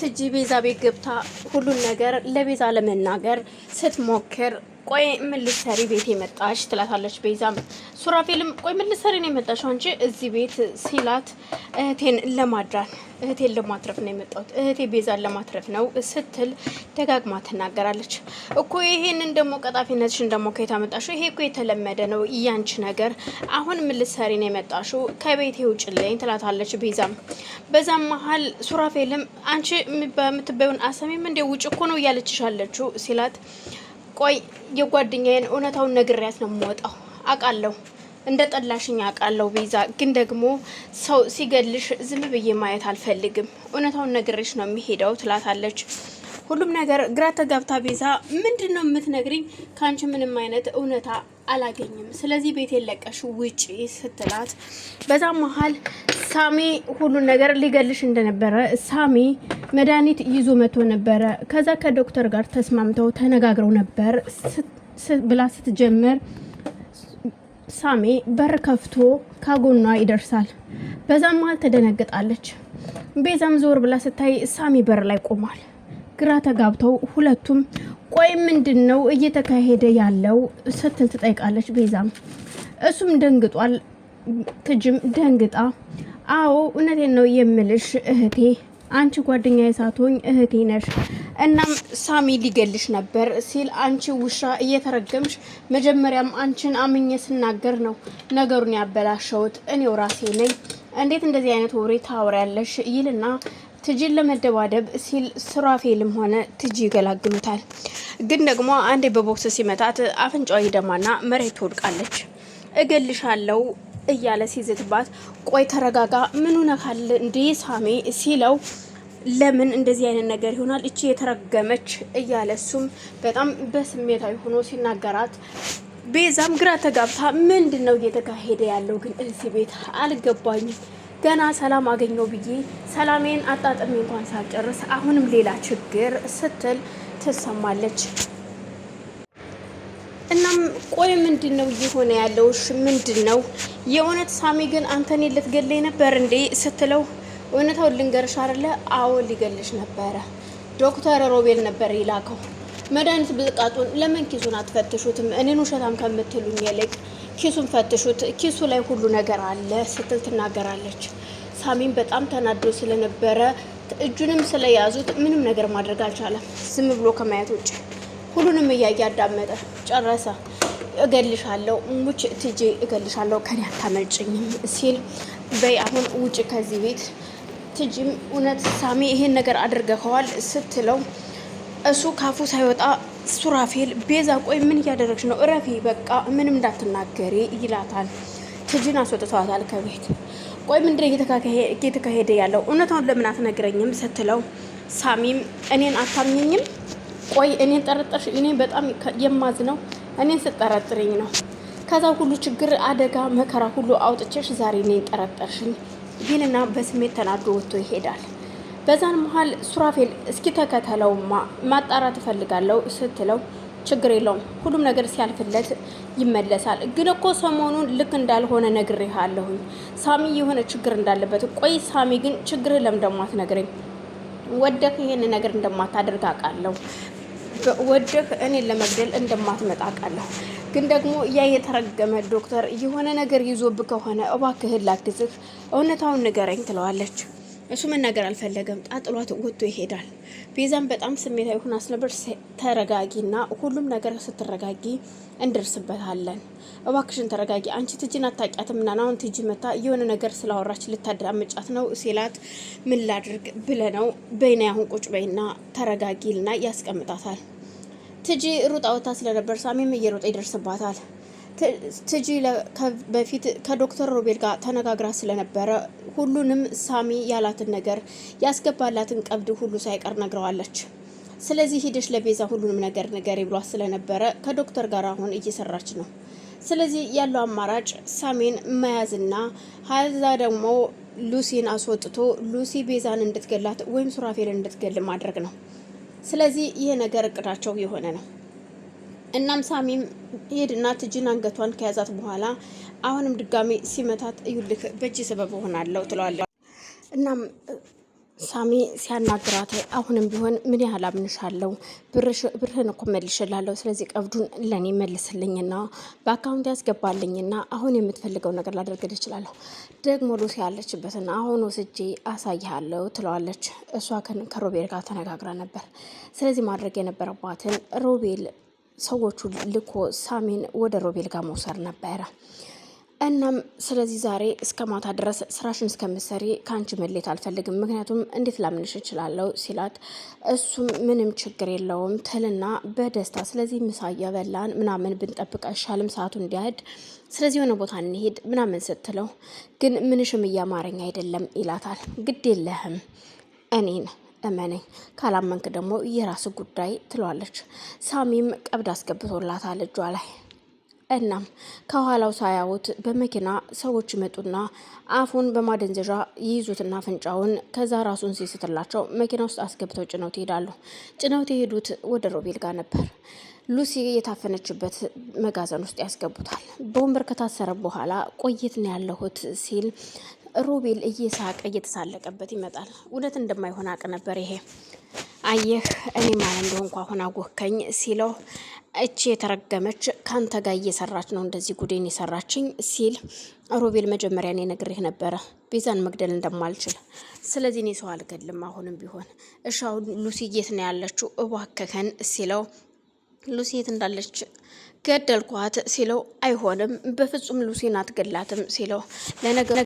ትጂ ቤዛ ቤት ገብታ ሁሉን ነገር ለቤዛ ለመናገር ስትሞክር ቆይ ምን ልትሰሪ ቤት የመጣሽ ትላታለች። ቤዛም ሱራፌልም ቆይ ምን ልትሰሪ ነው የመጣሽ አንቺ እዚህ ቤት ሲላት እህቴን ለማዳን እህቴን ለማትረፍ ነው የመጣሁት፣ እህቴ ቤዛን ለማትረፍ ነው ስትል ደጋግማ ትናገራለች። እኮ ይሄንን ደግሞ ቀጣፊነትሽን ደግሞ ከየት አመጣሽው? ይሄ እኮ የተለመደ ነው እያንቺ ነገር። አሁን ምን ልትሰሪ ነው የመጣሽው? ከቤቴ ውጭልኝ ትላታለች ቤዛም። በዛም መሀል ሱራፌልም አንቺ በምትበዩን አሰሚም እንደ ውጭ እኮ ነው እያለችሻለችው ሲላት ቆይ የጓደኛዬን እውነታውን ነግሬያት ነው የምወጣው አውቃለሁ እንደ ጠላሽኝ አውቃለሁ ቤዛ፣ ግን ደግሞ ሰው ሲገልሽ ዝም ብዬ ማየት አልፈልግም። እውነታውን ነግሬሽ ነው የሚሄደው ትላታለች። ሁሉም ነገር ግራ ተጋብታ ቤዛ ምንድን ነው የምትነግሪኝ? ከአንቺ ምንም አይነት እውነታ አላገኝም። ስለዚህ ቤት የለቀሽ ውጪ ስትላት፣ በዛ መሀል ሳሚ ሁሉን ነገር ሊገልሽ እንደነበረ ሳሚ መድኃኒት ይዞ መጥቶ ነበረ። ከዛ ከዶክተር ጋር ተስማምተው ተነጋግረው ነበር ብላ ስትጀምር ሳሜ በር ከፍቶ ከጎኗ ይደርሳል። በዛም መሃል ተደነግጣለች። ቤዛም ዞር ብላ ስታይ ሳሚ በር ላይ ቆሟል። ግራ ተጋብተው ሁለቱም ቆይ ምንድን ነው እየተካሄደ ያለው ስትል ትጠይቃለች። ቤዛም እሱም ደንግጧል። ትጅም ደንግጣ አዎ እውነቴን ነው የምልሽ እህቴ አንቺ ጓደኛ የሳቶኝ እህቴ ነሽ እናም ሳሚ ሊገልሽ ነበር ሲል አንቺ ውሻ እየተረገምሽ፣ መጀመሪያም አንቺን አምኜ ስናገር ነው ነገሩን ያበላሸውት እኔው ራሴ ነኝ። እንዴት እንደዚህ አይነት ወሬ ታወሪያለሽ? ይልና ትጂን ለመደባደብ ሲል ሱራፌልም ሆነ ትጂ ይገላግሉታል። ግን ደግሞ አንዴ በቦክስ ሲመታት አፍንጫዋ ይደማና መሬት ትወድቃለች። እገልሻለሁ እያለ ሲዝትባት፣ ቆይ ተረጋጋ፣ ምኑ ነካል እንዴ ሳሜ ሲለው ለምን እንደዚህ አይነት ነገር ይሆናል እቺ የተረገመች እያለ እሱም በጣም በስሜታዊ ሆኖ ሲናገራት ቤዛም ግራ ተጋብታ ምንድን ነው እየተካሄደ ያለው ግን እዚህ ቤት አልገባኝም ገና ሰላም አገኘው ብዬ ሰላሜን አጣጥሜ እንኳን ሳልጨርስ አሁንም ሌላ ችግር ስትል ትሰማለች። እናም ቆይ ምንድን ነው እየሆነ ያለው? እሺ ምንድን ነው የእውነት ሳሚ ግን አንተን ልትገለኝ ነበር እንዴ ስትለው እውነታውን ልንገርሽ አይደለ? አዎ ሊገልሽ ነበረ። ዶክተር ሮቤል ነበር ይላከው መድኃኒት ብዝቃጡን ለምን ኪሱን አትፈትሹትም? እኔን ውሸታም ከምትሉኝ ይልቅ ኪሱን ፈትሹት፣ ኪሱ ላይ ሁሉ ነገር አለ ስትል ትናገራለች። ሳሚን በጣም ተናዶ ስለነበረ እጁንም ስለያዙት ምንም ነገር ማድረግ አልቻለም፣ ዝም ብሎ ከማየት ውጭ ሁሉንም እያየ አዳመጠ። ጨረሰ። እገልሻለሁ ሙች ትጄ እገልሻለሁ፣ ከኔ አታመልጭኝም ሲል በይ አሁን ውጭ ከዚህ ቤት ትጂም እውነት ሳሚ ይሄን ነገር አድርገኸዋል ስትለው እሱ ካፉ ሳይወጣ ሱራፌል ቤዛ ቆይ ምን እያደረግሽ ነው? እረፊ በቃ ምንም እንዳትናገሪ ይላታል። ትጂን አስወጥተዋታል ከቤት። ቆይ ምንድን እየተካሄደ ያለው እውነታውን ለምን አትነግረኝም? ስትለው ሳሚም እኔን አታምኘኝም? ቆይ እኔን ጠረጠርሽ? እኔ በጣም የማዝነው እኔን ስጠረጥርኝ ነው። ከዛ ሁሉ ችግር፣ አደጋ፣ መከራ ሁሉ አውጥቼሽ ዛሬ እኔን ጠረጠርሽኝ። ይልና በስሜት ተናዶ ወጥቶ ይሄዳል። በዛን መሀል ሱራፌል እስኪ ተከተለውማ ማጣራት እፈልጋለሁ ስትለው ችግር የለውም ሁሉም ነገር ሲያልፍለት ይመለሳል። ግን እኮ ሰሞኑን ልክ እንዳልሆነ ነግሬሃለሁኝ። ሳሚ የሆነ ችግር እንዳለበት ቆይ ሳሚ ግን ችግርህ ለምን ደግሞ አትነግረኝ? ወደህ ይህን ነገር እንደማታደርግ አውቃለሁ። ወደህ እኔን ለመግደል እንደማትመጣ አውቃለሁ። ግን ደግሞ ያ የተረገመ ዶክተር የሆነ ነገር ይዞብ ከሆነ እባክህን ላግዝህ፣ እውነታውን ንገረኝ ትለዋለች። እሱ መናገር አልፈለገም። ጣጥሏት ወጥቶ ይሄዳል። ቤዛም በጣም ስሜታዊ ሆና ተረጋጊ ተረጋጊና ሁሉም ነገር ስትረጋጊ እንደርስበታለን። እባክሽን ተረጋጊ፣ አንቺ ትጂን አታውቂያትም እና አሁን ትጂ መታ የሆነ ነገር ስላወራች ልታዳምጫት ነው ሲላት ምን ላድርግ ብለህ ነው በይና ያሁን ቁጭ በይና ልና ያስቀምጣታል። ትጂ ሩጣ ወታ ስለነበር ሳሚም እየሮጠ ይደርስባታል። ትጂ በፊት ከዶክተር ሮቤል ጋር ተነጋግራ ስለነበረ ሁሉንም ሳሚ ያላትን ነገር ያስገባላትን ቀብድ ሁሉ ሳይቀር ነግረዋለች። ስለዚህ ሂደሽ ለቤዛ ሁሉንም ነገር ንገሪ ብሏት ስለነበረ ከዶክተር ጋር አሁን እየሰራች ነው። ስለዚህ ያለው አማራጭ ሳሚን መያዝና ሀዛ ደግሞ ሉሲን አስወጥቶ ሉሲ ቤዛን እንድትገላት ወይም ሱራፌልን እንድትገል ማድረግ ነው። ስለዚህ ይሄ ነገር እቅዳቸው የሆነ ነው። እናም ሳሚም ሄድና ትጂን አንገቷን ከያዛት በኋላ አሁንም ድጋሜ ሲመታት እዩልክ በእጅ ሰበብ ሆናለሁ ትለዋለሁ። እናም ሳሚ ሲያናግራት አሁንም ቢሆን ምን ያህል አምንሻለሁ፣ ብርህን እኮ መልሽላለሁ። ስለዚህ ቀብዱን ለእኔ መልስልኝና በአካውንት ያስገባልኝና አሁን የምትፈልገው ነገር ላደርግል እችላለሁ። ደግሞ ሉሲ ያለችበትን አሁን ወስጄ አሳይሃለሁ ትለዋለች። እሷ ከሮቤል ጋር ተነጋግራ ነበር። ስለዚህ ማድረግ የነበረባትን ሮቤል ሰዎቹ ልኮ ሳሚን ወደ ሮቤል ጋር መውሰድ ነበረ። እናም ስለዚህ ዛሬ እስከ ማታ ድረስ ስራሽን እስከምትሰሪ ከአንቺ መሌት አልፈልግም፣ ምክንያቱም እንዴት ላምንሽ እችላለሁ ሲላት፣ እሱም ምንም ችግር የለውም ትልና በደስታ ስለዚህ ምሳ እየበላን ምናምን ብንጠብቅ አይሻልም ሰዓቱ እንዲያድ ስለዚህ የሆነ ቦታ እንሄድ ምናምን ስትለው፣ ግን ምንሽም እያማረኝ አይደለም ይላታል። ግድ የለህም እኔን እመነኝ፣ ካላመንክ ደግሞ የራስ ጉዳይ ትለዋለች። ሳሚም ቀብድ አስገብቶላታል እጇ ላይ እናም ከኋላው ሳያዩት በመኪና ሰዎች ይመጡና አፉን በማደንዘዣ ይይዙትና አፍንጫውን ከዛ ራሱን ሲስትላቸው መኪና ውስጥ አስገብተው ጭነውት ይሄዳሉ። ጭነውት የሄዱት ወደ ሮቤል ጋር ነበር። ሉሲ የታፈነችበት መጋዘን ውስጥ ያስገቡታል። በወንበር ከታሰረ በኋላ ቆየት ነው ያለሁት ሲል ሮቤል እየሳቀ እየተሳለቀበት ይመጣል። እውነት እንደማይሆን አቅ ነበር ይሄ አየህ እኔ ማን እንደሆንኩ አሁን አጎከኝ ሲለው እቺ የተረገመች ከአንተ ጋር እየሰራች ነው እንደዚህ ጉዴን የሰራችኝ ሲል ሮቤል መጀመሪያ እኔ ነግሬህ ነበረ ቤዛን መግደል እንደማልችል። ስለዚህ እኔ ሰው አልገልም አሁንም ቢሆን እሻው ሉሲ የት ነው ያለችው እባክህን ሲለው ሉሲ የት እንዳለች ገደልኳት ሲለው አይሆንም፣ በፍጹም ሉሲን አትገላትም ሲለው ለነገ